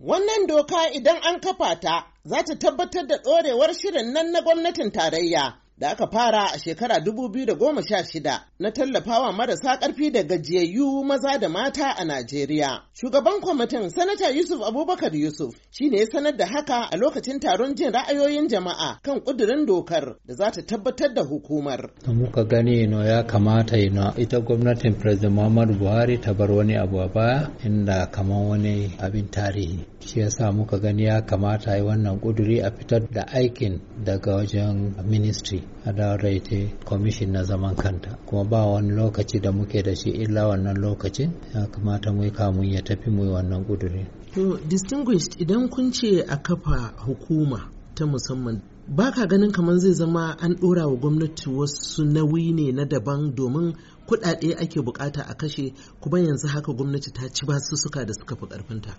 Wannan doka idan an kafa ta za ta tabbatar da tsorewar shirin nan na gwamnatin tarayya da aka fara a shekara 2016 na tallafawa marasa karfi da gajiyayyu maza da mata a Najeriya. Shugaban kwamitin Sanata Yusuf Abubakar Yusuf shi ne ya sanar da haka a lokacin taron jin ra'ayoyin jama'a kan ƙudurin dokar da za ta tabbatar da hukumar. muka gani ino ya kamata ino ita gwamnatin President Muhammadu Buhari ta bar wani abu a baya inda kamar wani abin tarihi. Shi yasa muka gani ya kamata yi wannan ƙuduri a fitar da aikin daga wajen ministry a da ita kwamishin na zaman kanta kuma ba wani lokaci da muke da shi illa wannan lokacin ya kamata mu yi kamun ya tafi mu wannan kudurin. to distinguished idan kun ce a kafa hukuma ta musamman ba ka ganin kamar zai zama an dora wa gwamnati wasu nauyi ne na daban domin kuɗaɗe ake bukata a kashe kuma yanzu haka gwamnati ta ci basu suka da suka fi karfinta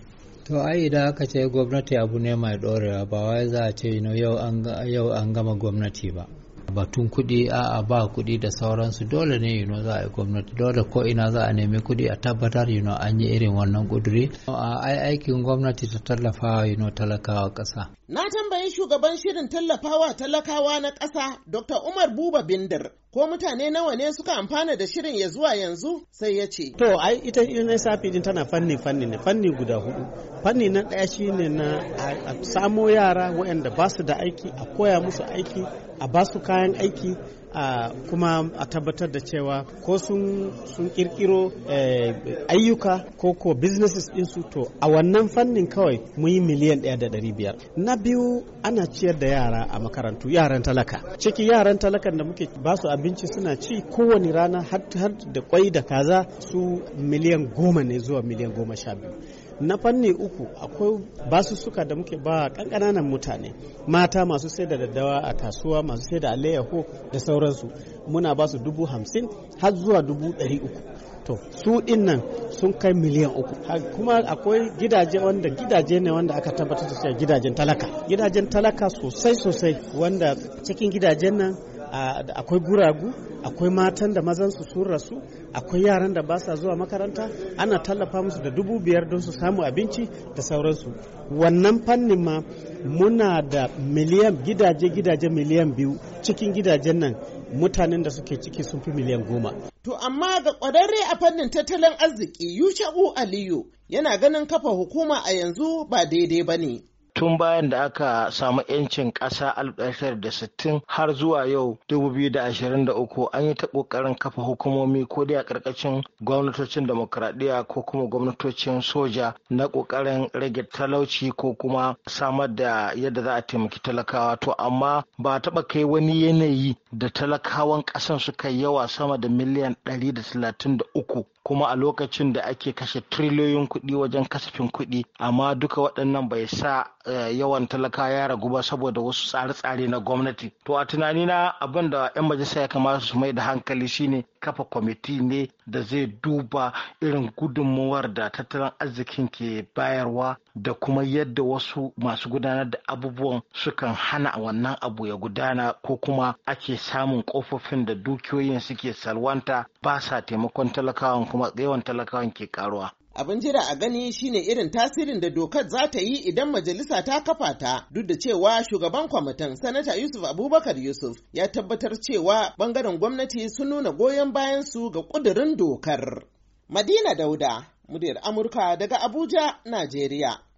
to ai idan aka ce gwamnati abu ne mai dorewa ba wai za a ce yau an gama gwamnati ba batun kuɗi a ba kuɗi da sauransu dole ne yi za a yi gwamnati dole ko ina za a nemi kuɗi a tabbatar yi an yi irin wannan ƙuduri a aikin gwamnati ta tallafa yi talakawa ƙasa Na tambayi shugaban shirin tallafawa talakawa na ƙasa Dr. Umar Buba Bindir ko mutane nawa ne suka amfana da shirin ya zuwa yanzu sai ya ce. To ai ita safi din tana fanni fanni ne fanni guda hudu. Fanni na ɗaya shine na a samo yara waɗanda ba su da aiki a koya musu aiki a ba su kayan aiki A kuma a tabbatar da cewa ko sun kirkiro eh, ayyuka ko ko businesses ɗinsu to a wannan fannin kawai muyi miliyan ɗaya da ɗari biyar na biyu ana ciyar da yara a makarantu yaran talaka ciki yaran talakan da muke ba su abinci suna ci kowane rana har da kwai da kaza su miliyan goma ne zuwa miliyan goma sha biyu na fanni uku akwai basu suka da muke ba kankananan mutane mata masu sai da daddawa a kasuwa masu sai da alayyaho da sauransu muna basu dubu hamsin har zuwa dubu ɗari uku to su din nan sun kai miliyan uku kuma akwai gidaje wanda gidaje ne wanda aka tabbatar da cewa gidajen talaka gidajen talaka sosai sosai wanda cikin gidajen nan akwai guragu akwai matan da mazan su sun rasu akwai yaran da ba sa zuwa makaranta ana tallafa musu da dubu biyar don su samu abinci da sauransu wannan fannin ma muna da miliyan gidaje gidaje miliyan biyu cikin gidajen nan mutanen da suke ciki sun fi miliyan goma. To amma ga ƙwararre a fannin tattalin arziki Yusha'u Aliyu yana ganin kafa hukuma a yanzu ba daidai ba ne. tun bayan da aka samu 'yancin ƙasa 1960 har zuwa yau 2023 an yi ta ƙoƙarin kafa hukumomi ko dai a ƙarƙashin gwamnatocin demokuraɗiyya ko kuma gwamnatocin soja na ƙoƙarin rage talauci ko kuma samar da yadda za a taimaki talakawa to amma ba taɓa kai wani yanayi da talakawan ƙasan suka yi yawa sama da miliyan 133 kuma a lokacin da ake kashe triliyoyin kuɗi wajen kasafin kuɗi amma duka waɗannan bai sa Eh, yawan talaka ya ragu ba saboda wasu tsare-tsare na gwamnati to a tunanina abin da 'yan majalisa ya kamata su mai da hankali shine kafa kwamiti ne da zai duba irin gudunmuwar da tattalin arzikin ke bayarwa da kuma yadda wasu masu gudanar da abubuwan sukan hana wannan abu ya gudana ko kuma ake samun kofofin da dukiyoyin suke salwanta ba sa taimakon talakawan kuma yawan talakawan ke karuwa Abin jira a gani shine irin tasirin da dokar za ta yi idan majalisa ta kafa ta duk da cewa shugaban kwamitin sanata Yusuf Abubakar Yusuf ya tabbatar cewa bangaren gwamnati sun nuna goyon bayan su ga kudirin dokar. Madina Dauda, muryar Amurka daga Abuja, Najeriya.